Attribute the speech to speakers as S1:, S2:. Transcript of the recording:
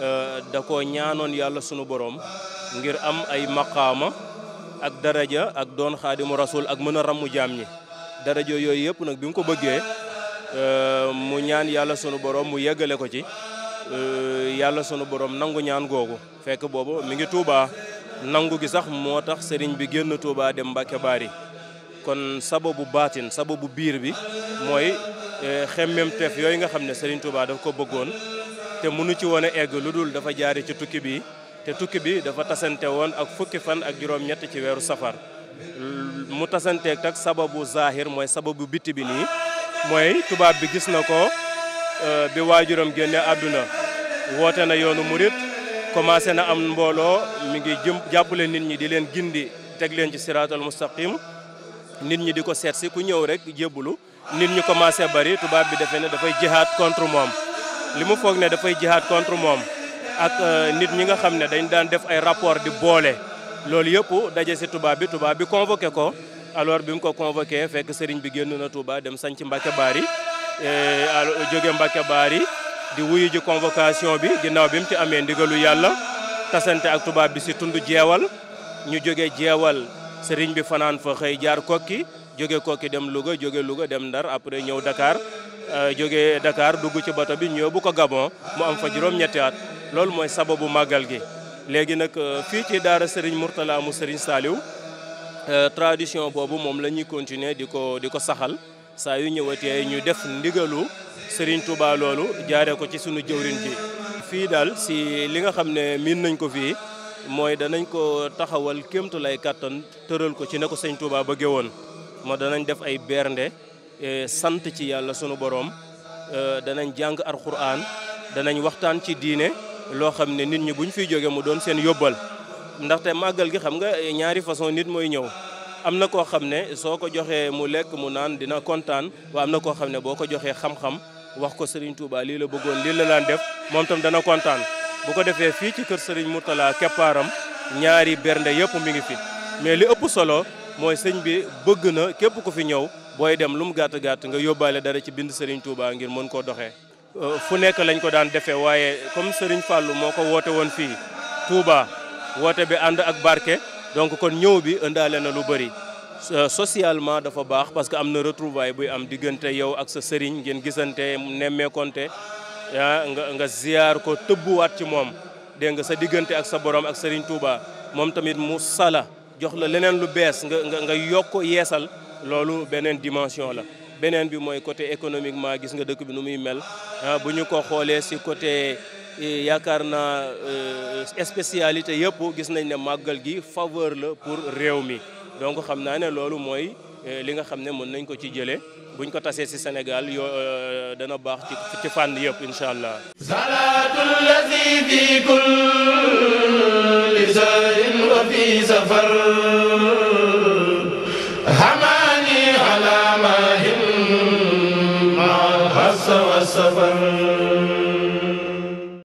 S1: Euh, da ko ñaanoon yàlla sunu borom ngir am ay maqaama ak daraja ak doon mu rasul ak mën a ràmmu jaam ñi daraja yooyu yëpp nag bi mu ko bëggee euh, mu ñaan yàlla sunu borom mu yeggale ko ci euh, yàlla sunu borom nangu ñaan googu fekk boobu mi ngi tuuba nangu gi sax moo tax sëriñ bi génn Touba dem Mbàkke Baari kon sababu baatin sababu biir bi mooy xemmemteef yooyu nga xam ne sëriñ Touba daf ko bëggoon te mënu ci woon egg lu dul dafa jaare ci tukki bi te tukki bi dafa tasante woon ak fukki fan ak juróom-ñett ci weeru safar mu tasanteeg tak sababu zahir mooy sababu biti bi nii mooy tubaab bi gis na ko euh, bi waajuram génne àdduna woote na yoonu murit commencé na am mbooloo mu ngi jëm jàppale nit ñi di leen gindi teg leen ci siraatal mustaqim nit ñi di ko seet si ku ñëw rek jébbulu nit ñi commencé bari tubaab bi defee ne dafay jihaad contre moom li mu foog ne dafay jihaat contre moom ak euh, nit ñi nga xam ne dañ daan def ay rapport di boole loolu yëpp daje si tubaab bi tubaab bi convoqué ko alors bi mu ko convoqué fekk sëriñ bi génn na Touba dem sañc Mbacke Bari euh, jóge Mbacke yi di wuyu ji convocation bi ginnaaw bi mu ci amee ndigalu yàlla tasante ak tubaab bi si tund jeewal ñu jóge jeewal sëriñ bi fanaan fa xëy jaar kokki jóge kokki dem Louga jóge Louga dem Ndar après ñëw Dakar Euh, jóge dakaar dugg ci bato bi ñëw bu ko Gabon mu am fa juróom-ñetti at loolu mooy sababu màggal gi. léegi nag euh, fii ci daara Serigne Mourtala mu Serigne Saliou euh, tradition boobu moom la ñuy continuer di ko di ko saxal saa yu ñëwatee ñu def ndigalu Serigne Touba loolu jaare ko ci suñu jëwrin ji. fii daal si li nga xam ne miin nañ ko fii mooy danañ ko taxawal kéemtu lay kàttan tëral ko ci ne ko sëñ Touba bëggee woon moo danañ def ay bernde. Eh, sant ci yàlla sunu boroom eh, danañ jàng alxuraan danañ waxtaan ci diine loo xam ne nit ñi buñ fiy jóge mu doon seen yóbbal ndaxte màggal gi xam nga eh, ñaari façon nit mooy ñëw am na koo xam ne soo ko joxee mu lekk mu naan dina kontaan waa am na koo xam ne boo ko joxee xam-xam wax ko Serigne Touba lii la bëggoon lii la naan def moom tam dana kontaan bu ko defee fii ci kër Serigne Mourtala keppaaram ñaari bernde yëpp mi ngi fi mais li ëpp solo mooy sëñ bi bëgg na képp ku fi ñëw booy dem lu mu gàtt gàtt nga yóbbaale dara ci bind Serigne Touba ngir mën koo doxee. Euh, fu nekk lañ ko daan defee waaye comme Serigne fàllu moo ko woote woon fii Touba woote bi ànd ak barke donc kon ñëw bi ëndaale na lu bëri. socialement dafa baax parce que am na retrouvaille buy am diggante yow ak sa sëriñ ngeen gisante nemmeekonte ah nga nga ziyaar ko tëbbuwaat ci moom dégg nga sa diggante ak sa borom ak Serigne Touba moom tamit mu sala jox na leneen lu bees nga nga nga yokk yeesal loolu beneen dimension la beneen bi mooy côté économiquement gis nga dëkk bi nu muy mel ah, bu ñu ko xoolee si côté yaakaar na euh, spécialité yëpp gis nañ ne màggal gi faveur la pour réew mi donc xam naa ne loolu mooy euh, li nga xam ne mën nañ ko ci jëlee buñ ko tasee si Sénégal yoo euh, dana baax ci ci fànn yëpp incha allah. سفر هماني على ما هم مع الحس والسفر